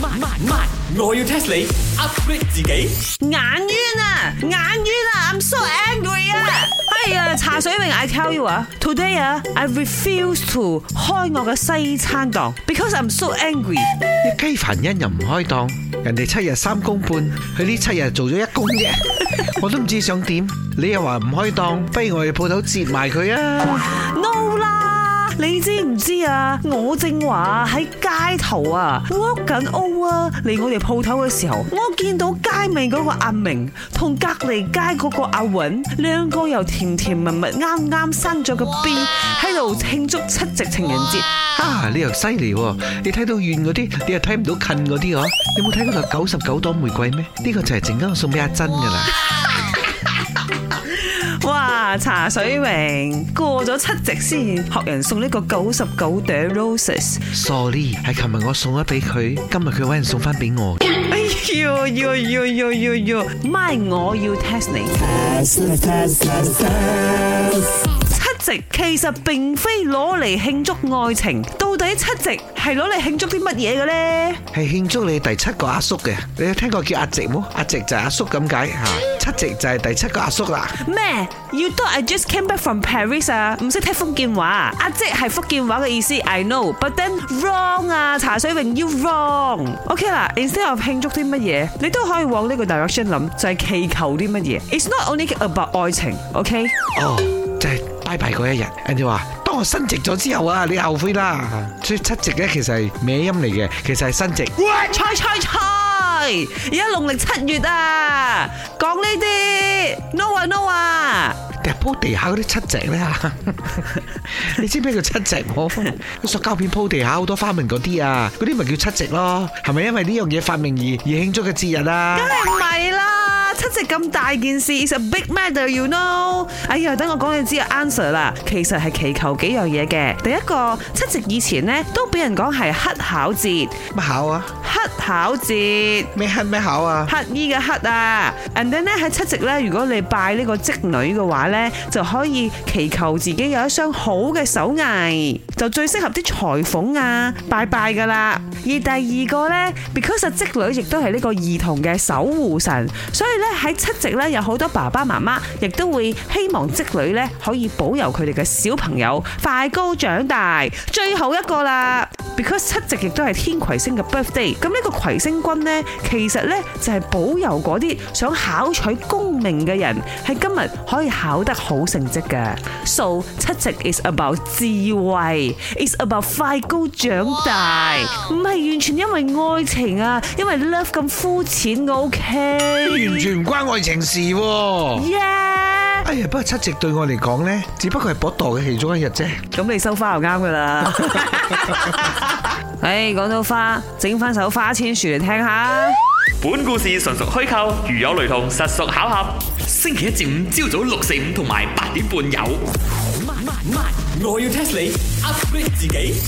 慢慢慢，我要 test 你 upgrade 自己眼冤啊，眼冤啊，I'm so angry 啊！係啊，茶水明，I tell you 啊，today 啊，I refuse to 開我嘅西餐檔，because I'm so angry。又雞煩人又唔開檔，人哋七日三公半，佢呢七日做咗一公嘅，我都唔知想點。你又話唔開檔，畀我嘅鋪頭接埋佢啊！你知唔知啊？我正話喺街頭啊，walk 緊 O 啊，嚟我哋鋪頭嘅時候，我見到街尾嗰個阿明同隔籬街嗰個阿雲，兩個又甜甜蜜蜜，啱啱生咗個 B，喺度慶祝七夕情人節。哈、啊！你又犀利喎，你睇到遠嗰啲，你又睇唔到近嗰啲哦。你冇睇到嗰九十九朵玫瑰咩？呢、這個就係陣間我送俾阿珍噶啦。茶水榮，過咗七夕先學人送呢個九十九朵 roses。Sorry，係琴日我送咗俾佢，今日佢揾人送翻俾我。哎呦呦呦呦呦呦，唔係，我要 test 你。七夕其實並非攞嚟慶祝愛情，到底七夕係攞嚟慶祝啲乜嘢嘅咧？係慶祝你第七個阿叔嘅，你有聽過叫阿夕冇？阿夕就阿叔咁解吓。七夕就係第七個阿叔啦。咩？You thought I just came back from Paris 啊？唔識聽福建話啊？阿即係福建話嘅意思。I know，but then wrong 啊！茶水詠，you wrong。OK 啦，instead of 慶祝啲乜嘢，你都可以往呢個 direction 諗，就係祈求啲乜嘢。It's not only about 愛情。OK。哦，就係拜拜嗰一日。And 你話，當我升職咗之後啊，你後悔啦。所以七夕咧，其實係咩音嚟嘅？其實係升職。喂，菜菜菜。而家農曆七月啊，講，no no，呢啲 no 啊 no 啊，鋪地下嗰啲七夕咧，你知唔知叫七夕？塑膠片鋪地下好多花紋嗰啲啊，嗰啲咪叫七夕咯？係咪因為呢樣嘢發明而而慶祝嘅節日啊？唔係即咁大件事，is a big matter，you know？哎呀，等我講你知個 answer 啦。其實係祈求幾樣嘢嘅。第一個，七夕以前咧都俾人講係乞巧節。乜巧啊？乞巧節。咩乞？咩巧啊？乞衣嘅乞啊。人哋咧喺七夕咧，如果你拜呢個織女嘅話咧，就可以祈求自己有一雙好嘅手藝，就最適合啲裁縫啊拜拜㗎啦。而第二個咧，because 織女亦都係呢個兒童嘅守護神，所以咧。喺七夕咧，有好多爸爸媽媽，亦都會希望織女咧可以保佑佢哋嘅小朋友快高長大，最後一個啦。Because 七夕亦都係天魁星嘅 birthday，咁呢個魁星君呢，其實呢就係保佑嗰啲想考取功名嘅人，係今日可以考得好成績嘅。So 七夕 is about 智慧，is about 快高長大，唔係 Wow. 完全因為愛情啊，因為 love 咁膚淺，OK，完全唔關愛情事。y、yeah. 哎呀，不過七夕對我嚟講咧，只不過係朵嘅其中一日啫。咁你收花又啱噶啦。哎，講到花，整翻首花千樹嚟聽下。本故事純屬虛構，如有雷同，實屬巧合。星期一至五朝早六四五同埋八點半有。Oh, my, my, my. 我要 test 你 u p g r a d e 自己。